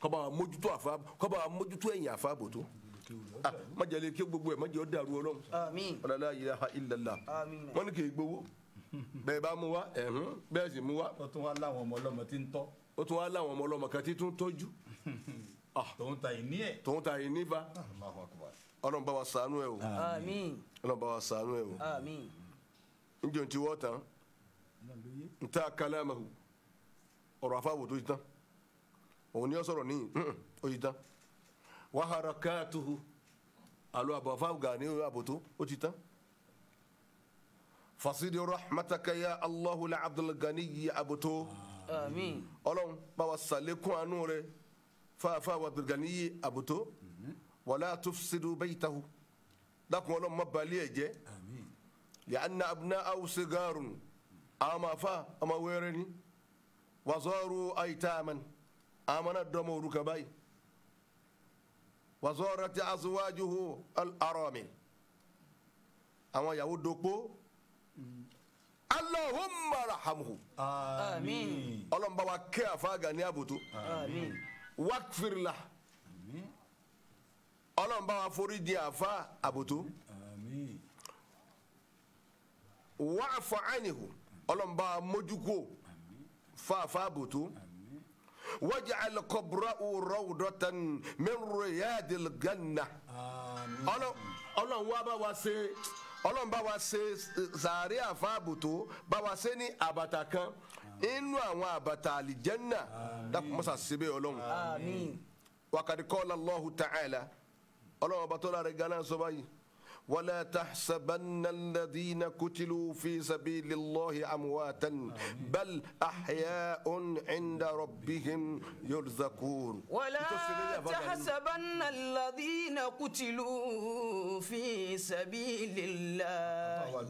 Speaker 2: kọ́ba wa mójútó àfáàbò kọ́ba wa mójútó ẹ̀yìn àfáàbò tó ah, májàlè kí gbogbo ẹ̀ májàlè ó dàrú ọlọ́run ọ̀làlá ilaha illallah wọ́n ní kì í gbowó bẹ́ẹ̀ bá mú wa ẹ̀hún bẹ́ẹ̀ sì mú wa. ó tún wá láwọn ọmọ ọlọ́mọ tí ń tọ́. ó tún wá láwọn ọmọ ọlọ́mọ kan tí tún tọ́jú. tòun ta ìní ẹ̀. tòun ta ìní fa ọlọ́run bá wa ṣàánú ẹ o. àmín ọlọ́run bá wa sànú ẹ̀ o njẹ́ n ti wọ́ tán n ta kalamahu ọ̀rọ̀ afáwò tó ti tán òun ni ó sọ̀rọ̀ ní ó ti tán wa harakatuhu alo àbọ̀ afáwò gà ní àbòtó ó ti tán fasidi rahmataka ya allahu la abdul ganiyi àbòtó ọlọ́run bá wa sàlékún àánú rẹ̀ fáfáwò abdul ganiyi àbòtó mm-hmm. wala tufsidu baytahu dákun ọlọ́run má balẹ̀ ẹ̀ jẹ́ yàrá abuná awùsí gaarun àwọn máa fa ọmọ wẹ́rẹ́ mm. ni wàzọ́rù àyítàmán àwọn máa dọ́mọ orúkọ báyìí wàzọ́rù ti azuwájuhu al-arami àwọn ìyàwó dopó alahumma rahamuhu àmín ọlọ́run bá wa kẹ́ àfa Gani Abutu àmín wákfìrìlà ọlọ́run bá wa forí di àfa àbùtú wa'fu anhu ọlọ́run bá wa mójú kó fa àfa àbùtú waj'al qabrahu rawdatan min riyadil janna ọlọ́run wá bá wa ṣe ọlọ́run bá wa ṣe sàárẹ̀ àfáàbùtò bá wa ṣe ní àbàtà kan inú àwọn àbàtà àlìjẹ́nnà dákun mọ́sà síbẹ̀ ọlọ́run. àmín. wa qad qala Allahu ta'ala. ọlọ́run ọba tó láre ganan sọ báyìí ولا تحسبن الذين قتلوا في سبيل الله امواتا بل احياء عند ربهم يرزقون ولا تحسبن
Speaker 1: الذين قتلوا في سبيل الله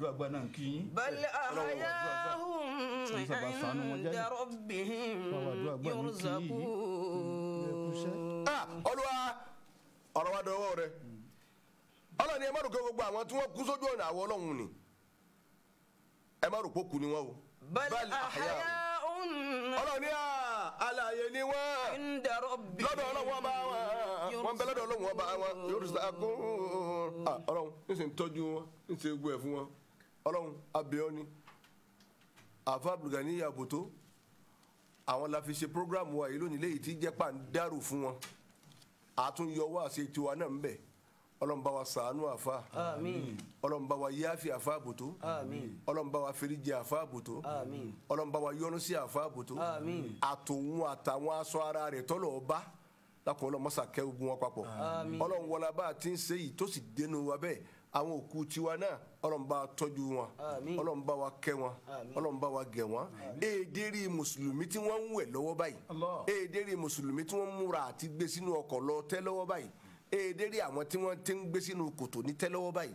Speaker 1: بل احياء عند ربهم يرزقون
Speaker 2: ọ̀rọ̀ wa rẹ ọlọrun ni ẹ má rò pé gbogbo àwọn tí wọ́n kú sójú ọ̀nà àwọn ọlọ́run ni ẹ má rò pé kú ni wọ́n o. bal ahya
Speaker 1: ọlọ́run ni àlàyé ni wọ́n lọ́dọ̀
Speaker 2: ọlọ́run bá wọn wọn bẹ lọ́dọ̀ ọlọ́run bá wọn ọlọ́run ní ń tọ́jú wọn ní ń ẹ̀ e fún wọn ọlọ́run abẹ́ọ́ni àfa abdulgani àwọn la fi ṣe programu wa yìí lónìí léyìí jẹ́ pàǹdàrú fún wọn. àtúnyọwọ́ àṣẹ tiwa náà ń bẹ̀ ọlọ́nba wa ṣàánú àfa àmín ọlọ́nba wa yáfi àfa àbùtó àmín ọlọ́nba wa feríjì àfa àbùtó àmín ọlọ́nba wa yọ́nú sí àfa àbùtó àmín àtòun àtàwọn aṣọ ara rẹ̀ tọ́lọ̀ ọba lákùnrin ọlọ́mọṣà kẹ́ ogun wọn papọ̀ ọlọ́run wọlé abá àti ń ṣe yìí tó sì dénú wa bẹ́ẹ̀ àwọn òkú tiwa náà ọlọ́nba tọ́jú wọn ọlọ́nba wa kẹ́ wọn ọlọ́nba wa gẹ̀ wọn èdèrí mùsùlùmí tí wọ́n ń wẹ̀ lọ́wọ́ báyìí èdèrí mùsùlùmí tí wọ́n ń múra àti gbé sínú ọkọ̀ lọ tẹ́ lọ́wọ́ báyìí èdèrí àwọn tí wọ́n ti ń gbé sínú kòtò ní tẹ́ lọ́wọ́ báyìí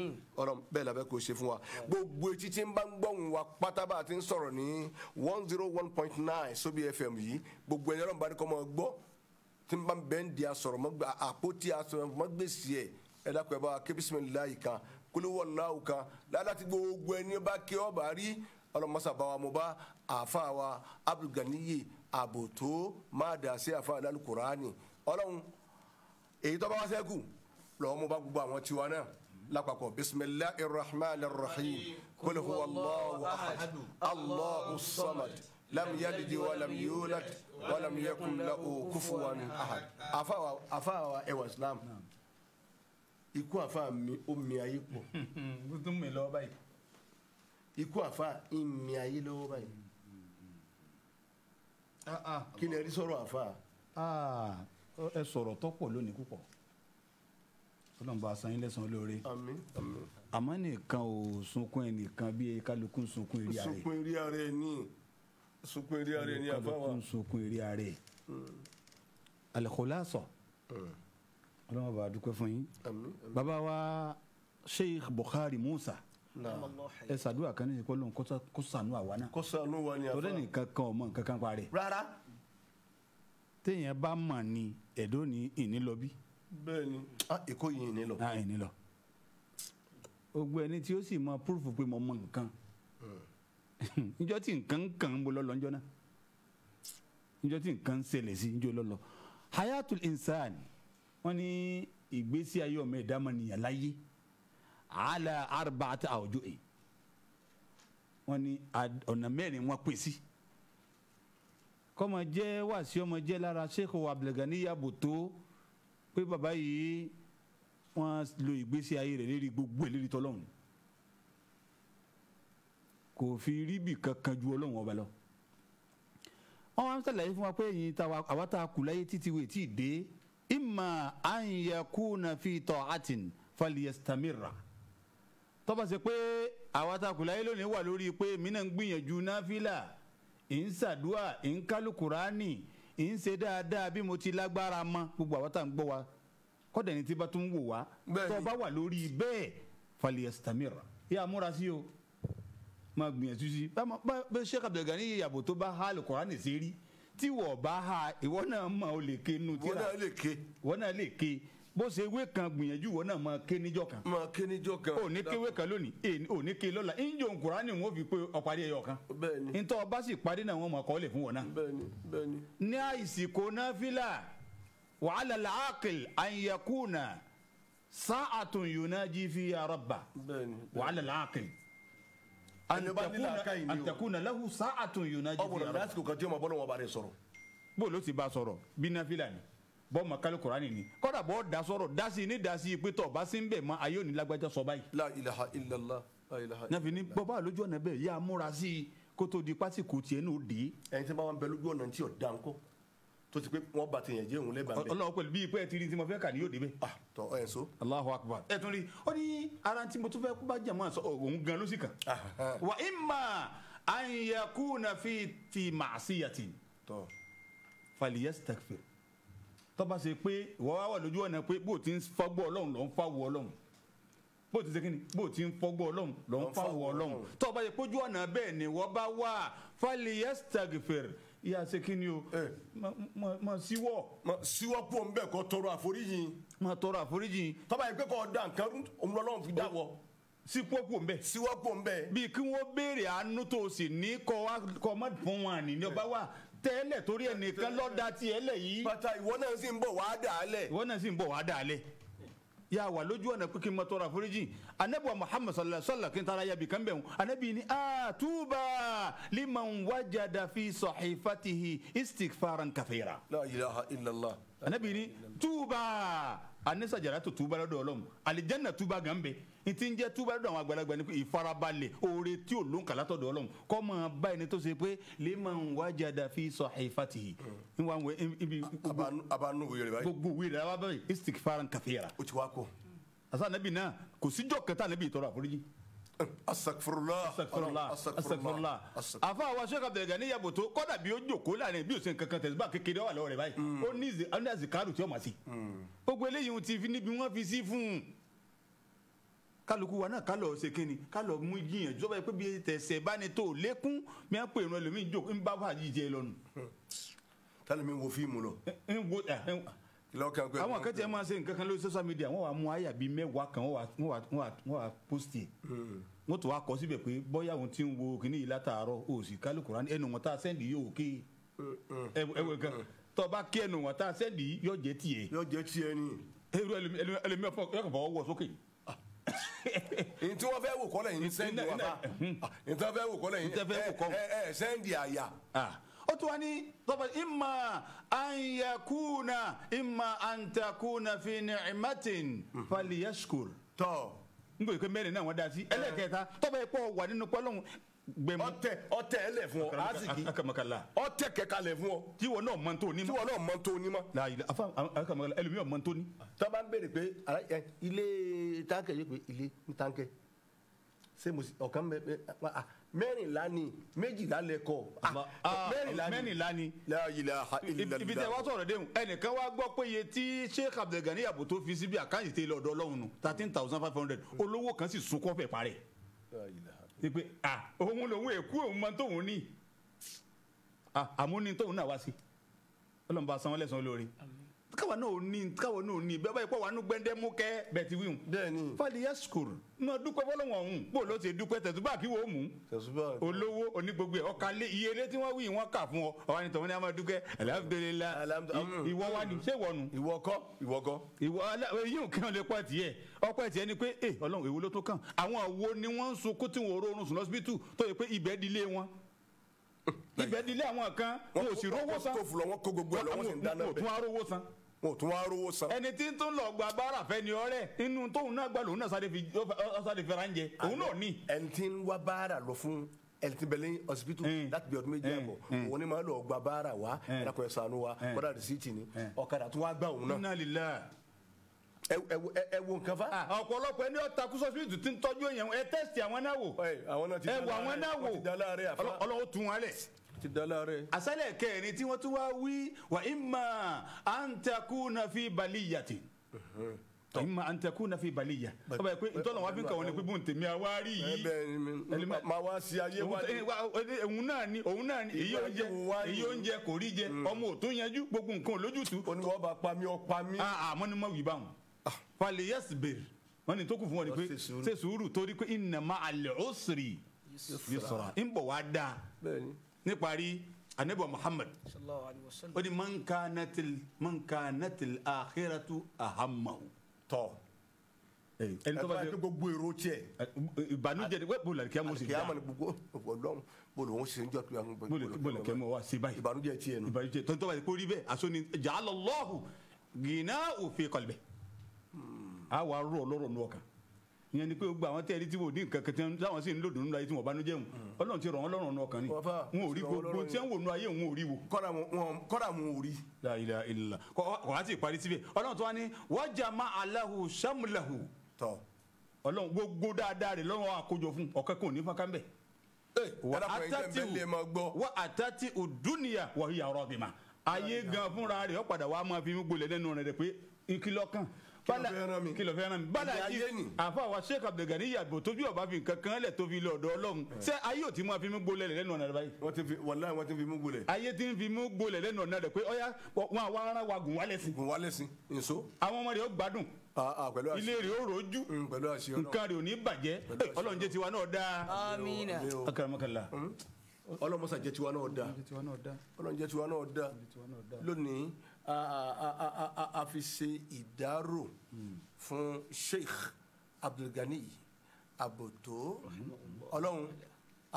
Speaker 2: ọlọ́run bẹ́ẹ̀ la bẹ̀ kó ṣe fún wa gbogbo etí tí ń bá gbọ́hùn wa pátábà ti ń sọ̀rọ̀ ní one zero one point nine sóbì fm yìí gbogbo ẹni ọlọ́run bá ní kọ́ mọ́ gbọ́ tí ń bá ń bẹ́ẹ̀ ń di asọ̀rọ̀ mọ́ àpótí asọ̀rọ̀ mọ́ gbèsè ẹ̀ ẹ dákun ẹ bá kébísímìláì kan kólówọ́láwù kan ládàtí gbogbo ẹni bá kí ọ bá rí ọlọmọsà bá wa mo bá àáfàá wa abdulganiye àbòtó máa dà sí àáfàá lálùkùránì ọlọ́run èyí tó bá wá sẹ́kù lọ́wọ́ mo bá gbogbo àwọn tiwa náà lápapọ̀ bisimilahi rahman rahim qul huwa allahu ahad allahu samad lam yalid wa lam yulad wa lam yakun lahu kufuwan ahad. afa afa wa ẹwà islam ikú afa mi ó mi ayé pọ̀. o tún mi lọ báyìí. ikú afa mi ayé lọ́wọ́ báyìí. Ah, ah. kí ni ẹ rí sọ̀rọ̀ afa. Ah, ẹ sọ̀rọ̀ tó lónìí púpọ̀ ọlọ́mọba asan yín lẹ́sàn-án lóore àmín àmín àmọ́ nìkan ò sunkún ẹnìkan bí kálukú sunkún eré ààrẹ sunkún eré ààrẹ ni sunkún eré ààrẹ ni àbáwá kálukú sunkún eré ààrẹ hmm. al-khulasa hmm. ọlọ́mọba dúpẹ́ fún yín bàbá wa Sheikh Bukhari Musa ẹ ṣàdúrà kan níṣẹ́ kọ́lọ́n kó ṣàánú àwa náà kó ṣàánú wa ni àfa torí nìkan kan ọmọ nǹkan kan parẹ́ rárá téèyàn bá mọ̀ ni ẹ̀dọ́ ni ìnílọ́bí bẹ́ẹ̀ni. Ah, èkó yìí ni lọ. láyìn ah, ni lọ. gbogbo ẹni tí ó sì mọ púrúfù pé mo mọ nǹkan hmm. níjọ́ tí nǹkan kàn ń bo lọ́lọ́ níjọ́ náà níjọ́ tí nǹkan ń ṣẹlẹ̀ sí níjọ́ lọ́lọ́ hayatul insan wọ́n ní ìgbésí ayé ọmọ ẹ̀dá mọ̀nìyàn láyé àlà arbaata àwùjọ ẹ̀ wọ́n ní ọ̀nà mẹ́rin wọ́n pè sí kọ́mọ jẹ́ wàásù ọmọ jẹ́ lára sheikh abdulganiya bùtó pé bàbá yìí wọ́n lo ìgbésí ayé rẹ̀ lérí gbogbo ẹ̀ lérí tọ́lọ́run kò fi ríbì kankan ju ọlọ́run ọba lọ wọ́n wá ń ṣàlàyé fún wa pé èyí àwa tá a kù láyé títí wèé tí ì dé imma an yakuna fi ta'atin falyastamira tó bá ṣe pé àwa kù láyé lónìí wà lórí pé mí náà ń gbìyànjú náfìlà ń ṣàdúà ń ń ṣe dáadáa bí mo ti lágbára mọ gbogbo àwọn tá à ń gbọ́ wa kọ́dà ní tí bá tún wò wá tó bá wà lórí bẹ́ẹ̀ faliyastamir yà á múra sí o máa gbìyànjú sí bá Sheikh Abdul Gani yàbò tó bá há Al-Qur'ani ṣe rí tí wọ́n bá há ìwọ náà mọ̀ ó lè ké nu tíra ìwọ náà lè ké bó ṣe ewé kan gbìyànjú wọn náà máa ké níjọ́ kan. máa ké níjọ́ kan. ò ní kéwé kan lónìí ò ní ké lọ́la ìjọ nkùránì wọn fi pé ọ̀parí ẹyọ kan. bẹ́ẹ̀ni. ntọ́ ọba sì parí náà wọn máa kọ́ lè fún wọn náà. bẹ́ẹ̀ni bẹ́ẹ̀ni. ní àìsíkò náfìlà wàhálà làákìl àyẹ̀kùnà sáàtún yunají fi ya rabba. bẹ́ẹ̀ni. wàhálà làákìl àtẹkùnà lahu sáàtún yunají fi ya rabba. lásìkò kan tí bọ́ ma kálí kurani ni kọ́dà bọ́ da sọ̀rọ̀ dasi ní dasi pé tọ̀ bá sí ń bẹ̀ mọ́ ayé òní lágbájá sọ báyìí. la ilaha illallah la ilaha illallah. nàfi ni bọ́bá àlójú ọ̀nà bẹ́ẹ̀ yà á múra sí i kó tó di pásíkò tiẹ̀ n'o di. ẹni tí wọn bá ń bẹ lójú ọ̀nà tí yóò dan kó tó ti pé wọn bá ti yàn jẹ òun lẹ́bàá bẹ́ẹ̀. ọlọ́wọ́ pẹ̀lú bíi pé ẹ ti rí tí mo fẹ́ kà ní yóò débẹ̀. Ah, tọ ẹ so. Allahu Akbar. ẹ tún rí ó ní ara tí mo tún fẹ́ kó bá jàmọ́ àṣọ òun gan ló sì kàn. Ah, wa imma an yakuna fi ti ma'siyatin. falyastaghfir tó bá ṣe pé ìwọ wá wà lójú ọ̀nà pé bó ti ń fọ́gbọ́ ọlọ́run ló ń fáwọ́ ọlọ́run bó ti ṣe kí ni bó ti ń fọ́gbọ́ ọlọ́run ló ń fáwọ́ ọlọ́run tó bá ṣe pójú ọ̀nà bẹ́ẹ̀ ni wọ́n bá wà fàlìyẹ́sítàgìfẹ̀r ìyá ṣe kí ni o mọ síwọ́. mọ síwọ́ kú òun bẹ́ẹ̀ kọ́ tọrọ àforíjìn. mọ tọrọ àforíjìn. tó bá yẹ pé kò da nǹkan òun lọ́lọ́run fi dáwọ́ siwọ́pọ̀ ń bẹ̀. siwọ́pọ̀ ń bẹ̀. kí wọ́n béèrè àánú tó o sì ní kọ́ ọmọ fún wọn àní ni ọba wa tẹ́lẹ̀ torí ẹnìkan lọ́dà tiẹ̀ lẹ̀ yìí. bàtà ìwọ náà sì ń bọ̀ wá dàálẹ̀. ìwọ náà sì ń bọ̀ wá dàálẹ̀. yà wà lójú ọ̀nà pé kí n ma tọrọ àforíjì anabi wa muhammad sallallahu alaihi wa kí n taara yabi kan bẹ̀ wọn anabi ni atuba liman wajada fi sahifatihi istighfaran kathira. ilaha illallah anabi ni tuba anisa jara to tuuba lọ́dọ̀ Ọlọ́run alijanna tuba gan bẹ n ti jẹ tuuba lọ́dọ̀ àwọn ni ìfarabalẹ̀ oore tí o lóun kàlátọ dọ Ọlọ́run kọ mọ báyìí ni tó ṣe pé liman wajada fi sahifatihi. n wa wẹ ibi. a b'a n'o wele báyìí. gbogbo wele a b'a bẹ istikfaran kafiyara. o ti wa kɔ. asa anabi náà kò síjọ kẹta anabi tọrọ àforíjì asakfurula asakfurula asakfurula afa wa seka bẹgani yaboto kódà bí o joko láàrin bí o ṣe nǹkankan tẹsíba kékeré wà lọ́wọ́ rẹ̀ báyìí hmm. ó ní ó ní azikaru tí ó ma o hmm. gbogbo eléyìí ti fi níbi wọn fi sí fún un kálukú wa náà kálọ̀ ṣe kínni kálọ̀ mú yíyan jọba yìí pé bí tẹ̀sẹ̀ bá ní tó lékún mi à ń pè irun ẹlòmíì jòkó ń bá wà jíjẹ lọ́nu. tálẹ̀ mi wo fíìmù lọ. àwọn akẹ́tẹ̀ẹ́ máa ṣe nǹkan kan lórí social media wọ́n wàá mú àyà bíi mẹ́wàá kan wọ́n wàá post it wọ́n tún wá kọ síbẹ̀ pé bóyá òun ti ń wo kíní yìí látàárọ̀ òsì kálí kùránì ẹnu wọn tá a sẹ́ndì yóò ké ẹwẹ kan tó bá kí ẹnu wọn tá a sẹ́ndì yóò jẹ́ tiẹ̀. yóò jẹ́ tiẹ̀ ni. eru ẹlẹmi ọfọ yóò kàn fọwọ́ wọ sókè. n tí wọ́n fẹ́ wò kọ́lẹ̀ yìí sẹ́ndì wà n tí wọ́n fẹ́ wò kọ́lẹ̀ yìí ẹ ẹ sẹ́ndì àyà ó tún wá ní tọ́pọ̀ ìmà ànyàkúnà ìmà àǹtakúnà fi ni'matin hmm. falyashkur n kò yí pé mẹ́rin náà wọ́n dá sí ẹlẹ́kẹta tọ́ba ẹ̀pọ̀ wà nínú pọ́lọ́hún gbẹmú. ọtẹ ọtẹ ẹ fún ọ asigi ọtẹ kẹka lẹ fún ọ. tiwọ náà mọ tó ní ma tiwọ náà mọ tó ní ma. laayila afa akamakala ẹlòmíràn mọ tó ní. Eh, tọ́ba ń béèrè pé ilé táǹkì yìí pé ilé táǹkì ṣé mo sì ọ̀kan ah, ah, mẹ́rìnlá ni méjìlá lẹ́kọ̀ ah, mẹ́rìnlá ni ibi tẹ wá sọ̀rọ̀ déhùn ẹnìkan wá gbọ́ pé iye tí Sheikh Abdulgani Aboto fi síbi àkáǹtì tẹ lọ́dọ̀ ọlọ́run nù thirteen thousand five hundred olówó kan sì sunkún ọ̀fẹ́ parẹ́ pé òun lòun èkú òun máa tóun ní àmúni tóun náà wá sí ọlọ́run bá sanwó lẹ́sàn-án olóore káwa náà ní káwa náà ní bẹ́ẹ̀ báyìí pọ̀ wà nù gbẹ́ndẹ́múkẹ́ bẹ̀tì wíwù. bẹ́ẹ̀ni. fàlìyà skul náà dúpẹ́ fọlọ́wọ̀n ọ̀hún bó ló ṣe dúpẹ́ tẹ̀sùbà kí wọ́n mú. tẹ̀sùbà. olówó onígbogbo ẹ̀ ọ̀ka lé iye ilé tí wọ́n wí wọ́n kà fún ọ ọ̀wá ni tọ̀wọ́n ní a máa dúpẹ́ alhamdulillah ìwọ wa ni ṣé ìwọnu. ìwọ kọ́ ìwọ kọ́. ìwọ yíyún kí ni pé e ọlọ́run èwo ló tó kàn àwọn wo ni wọ́n ń sunkún tí wọ́n rọrùn ibẹ̀ dilé àwọn kan wọn ò sì rówó san wọn kó tún arówó san wọn ò tún wá rówó san. ẹni tí ń tún lọ gba báárà fẹ́ ni ọ̀rẹ́ inú tóun náà gbà lòun náà sáré fi sáré fi ránjẹ òun náà ní. ẹni tí ń wá báárà lọ fún ẹni tí bẹ̀lẹ́ ọsibítù láti bí ọdún méjì hmm. àbọ̀ hmm. òun ni màá lọ gba báárà wá ẹ̀dàkọ̀ hmm. ẹ̀sánú wa bọ́dà rìsíìtì ni ọ̀kadà tún wá gbà òun náà. iná lílá ẹ wo nǹkan fa. Ah, ọ̀pọ̀lọpọ̀ ẹni ọ̀ta kú sọ́sibítù tí ń tọ́jú èèyàn ẹ tẹ́sítì àwọn náà wò ẹ ti dala rẹ. àṣálẹ̀ kẹrin tí wọ́n tún wá wí wa imma an takuna fi baliyati ima an tẹkun nafi baliya. ọba yẹ pé ntọ́nà wa fi kàn wọ́n ni pé bó ń tèmi àwárí yìí. ẹbẹ ma wá sí ayé eh, wa ni. Eh, eh, òun náà ni òun náà ni èyí oúnjẹ èyí oúnjẹ kò rí jẹ mm. ọmọ ò tún yanjú gbogbo nǹkan lójútu. oníwọ́ bá pa mí ọ pa mí. aa ah, ah, mọ ni mo wí báwọn. falẹ̀ yẹ́sì bèrè wọ́n ní tó fún wọn ni pé ṣe torí pé inna ma'al usri yusra ń bọ̀ wá dáa níparí anabi muhammad ó ní mankanatil mankanatil akhiratu ahamahu tọ ẹni tó bá jẹ gbogbo èrò tiẹ ìbànújẹ́ de bó la kíá mo sì dá bọlọ wọn sì ń jọ tó yàgò bó la kíá mo wá sí báyìí ìbànújẹ́ tiẹ nù ìbànújẹ́ tó ń tọ́ba yẹ kó rí bẹ́ẹ̀ aṣọ ni ja'alallahu ghinahu fi qalbi àwa hmm. rọ̀ lọ́rọ̀ nù ọkàn ìyẹn ni pé gbogbo àwọn tẹ́ẹ̀rí tí wò ní nǹkan kẹtẹ́ láwọn sì ń lòdùn nínú ayé tí wọ́n bá nújẹ́ wọn ọlọ́run ti rọ̀ wọ́n lọ́rùn ọkàn ni wọn ò rí gbogbo tí wọ́n wò nínú ayé wọn ò rí wò. kọ́dà wọn ò rí. láìla ìlà kò á sì parí síbẹ̀ ọlọ́run tó wá ní wájà má aláhu sàmúlàhù. ọlọ́run gbogbo dáadáa rẹ̀ lọ́rùn àkójọ fún ọ̀kẹ́ kò ní fọ́nká mbẹ́. ayé gan fúnra rẹ̀ ó padà máa fi mú gbolẹ̀ lẹ́nu rẹ̀ pé ìkìlọ̀ kí ló fẹ́ balaji àfa wa sheikh abdulgani yàgò tóbi ọba fi nǹkan kan lẹ̀ tóbi lọ ọlọ́run eh. ṣé ayé ò ti máa fi gbolẹ̀ lẹ́nu ọ̀nà rẹ̀ báyìí. wọ́n ti fi wàláyé wọ́n ti fi mú gbolẹ̀. ayé ti fi mú gbolẹ̀ lẹ́nu ọ̀nà rẹ̀ pé ọ̀ya wọn àwa ara wa gùn wálẹ̀ sí. gùn wálẹ̀ sí nso. àwọn ọmọ rẹ̀ ó gbádùn ilé rẹ̀ ó rojú mm, nǹkan rẹ̀ ò ní bàjẹ́ ọlọ́run jẹ́ tiwa náà dáa. àmín. akaramakallah hmm? ọlọ́mọsà jẹ́ tiwa náà dáa ọlọ́run jẹ́ tiwa náà dáa lónìí a a a a a fi ṣe ìdárò hmm. fún sheikh abdulgani aboto ọlọ́run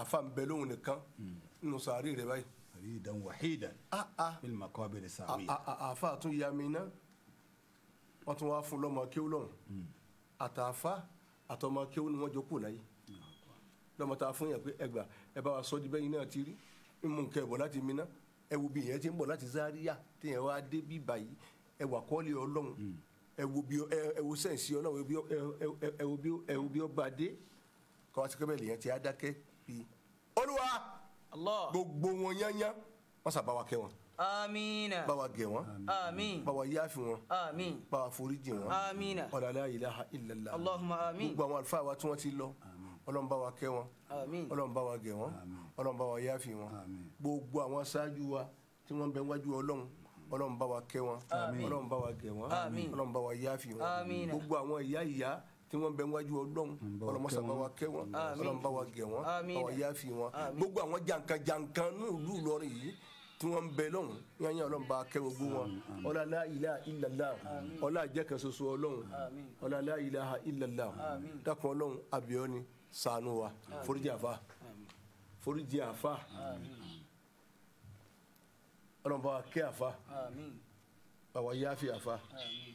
Speaker 2: afanbẹ́lóhùn nìkan hmm. nínú sàárì rẹ̀ báyìí. faridan wahidan fil maqabir sàmì. àfa àtún yamina wọn tún wá fún lọmọ kéwù lọhùn hmm. àtàfà àtọmọ kéwù ni wọn jọ kù láyé lọmọ tá a fún yàn pé ẹgbà ẹ bá wa sọ di bẹyìn náà ti rí mú nkẹ bọ láti mi náà ẹ wo bí yẹn ti ń bọ̀ láti Zaria tí yẹn wá dé bí báyìí ẹ wà kọ́lé ọlọ́run hmm. ẹ wo bí ẹ wo sẹ́ǹsì ọlọ́run ẹ wo bí ẹ wo bí ọba dé kọ́ wá sí kẹ́bẹ́ẹ̀lì yẹn ti á bí olúwa gbogbo wọn yányá wọn sábà wá kẹ́ wọn
Speaker 1: amina báwa
Speaker 2: gẹ̀ wọ́n amin báwa yáfi wọ́n amin báwa foríjì wọ́n amina ọ̀làlá ilaha illallah allahumma amin gbogbo àwọn àlùfáà wa tí wọ́n ti lọ ọlọ́run wa kẹ́ wọn ọlọ́run wa gẹ̀ wọ́n ọlọ́run wa yáfi wọn gbogbo àwọn ṣáájú wa tí wọ́n bẹ wájú ọlọ́run ọlọ́run wa kẹ́ wọn ọlọ́run wa gẹ̀ wọ́n ọlọ́run wa yáfi wọn gbogbo àwọn ìyá ìyá tí wọ́n bẹ wájú ọlọ́run ọlọ́mọṣà wa kẹ́ wọn ọlọ́run wa gẹ̀ wọ́n àwọn yáfi wọn gbogbo àwọn jàǹkàn jàǹkàn ní ìlú Ìlọrin yìí tí wọ́n ń bẹ lọ́hùn yányá ọlọ́run bá kẹ́ gbogbo wọn ọlọ́lá ilá ìlàlá ọlá ìjẹ́kẹ̀soso ọlọ́run ọlọ́lá ilá ìlàlá dákun ọlọ́run àbíọ́ni ṣàánú wa foríjì àfa foríjì àfa ọlọ́mọba kẹ́ àfa bàwá yáfi àfa. Àmín.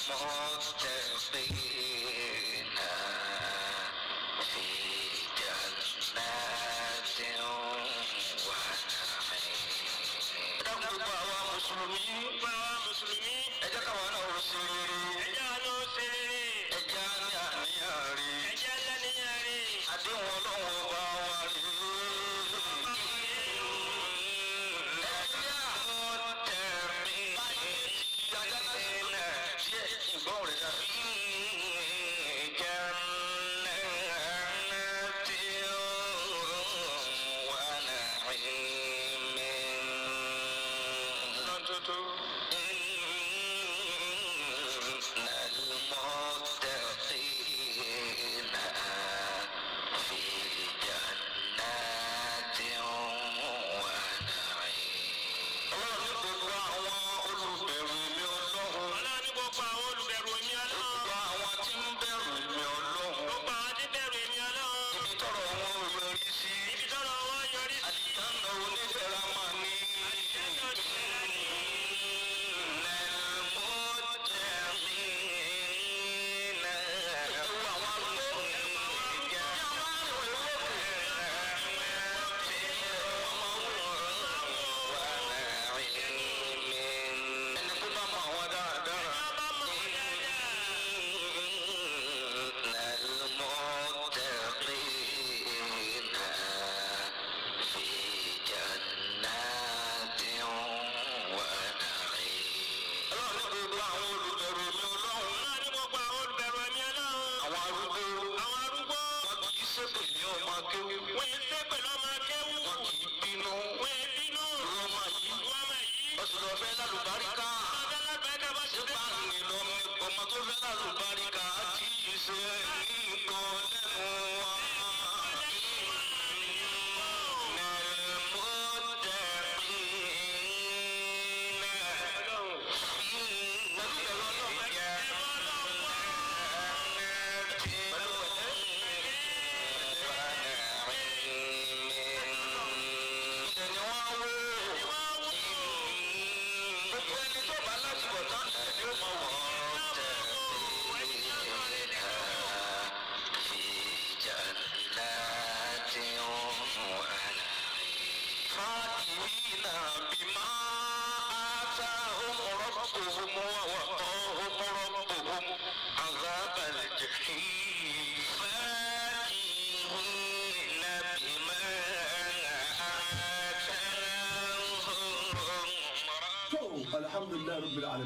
Speaker 1: for death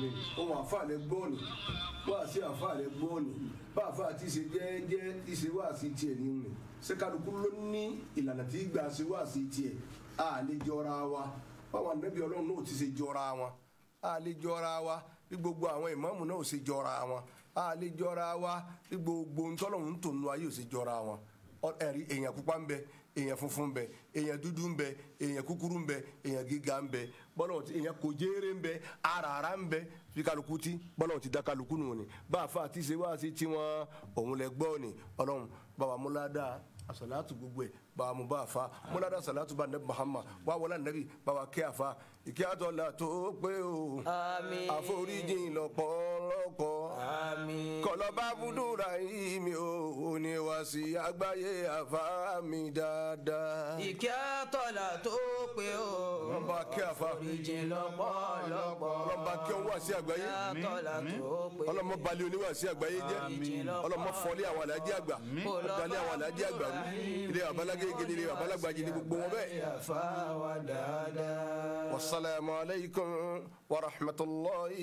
Speaker 2: rẹ ohun àfa rẹ gbọ́ọ̀nì wáàsí àfa rẹ gbọ́ọ̀nì bá àfa ti ṣe jẹ́ẹ́jẹ́ ti ṣe wáàsí tiẹ̀ ní rẹ̀ ṣé kálukú ló ní ìlànà tí gbà ṣe wáàsí tiẹ̀ a lè jọra wa báwọn ànábì ọlọ́run náà ti ṣe jọra wọn a lè jọra wa bí gbogbo àwọn ìmáàmù náà ò ṣe jọra wọn a lè jọra wa bí gbogbo ntọ́lọ́run tòun ayé ò ṣe jọra wọn ẹ̀rí èèyàn pupa ń bẹ èèyàn funfun bẹ èèyàn dúdú bẹ èèyàn kúkúrú bẹ èèyàn gíga bẹ bọ́lá ti èèyàn kòjéere bẹ arara bẹ fi kálukú ti bọ́lá ti da kálukú nù ni bá a fa àti ṣe wá sí tiwọn òun lẹ gbọ́ ni ọlọ́run bàbá múládà àsàlátù gbogbo ẹ̀ bàbá mu bá a fa múládà àsàlátù Muhammad wà wọlé nẹ́bí bàbá kẹ́ àfa ìkí àtọ̀là tó pé o àmín àforíjì lọ́pọ̀lọpọ̀ àmín kọlọ́ba búdúrà yìí mi ò ní wá sí àgbáyé àfa mi dáadáa. ìkí àtọ̀là tó pé o lọ́ba kí àfa àforíjì lọ́pọ̀lọpọ̀ lọ́ba kí ó wá sí àgbáyé ọlọ́mọ balẹ̀ oníwà sí àgbáyé jẹ́ ọlọ́mọ fọlẹ́ àwọn alájí àgbà ọ̀dàlẹ́ àwọn alájí àgbà ilé babalágége ilé babalágbàjì ni gbogbo wọn bẹ́ẹ̀. والسلام عليكم ورحمة الله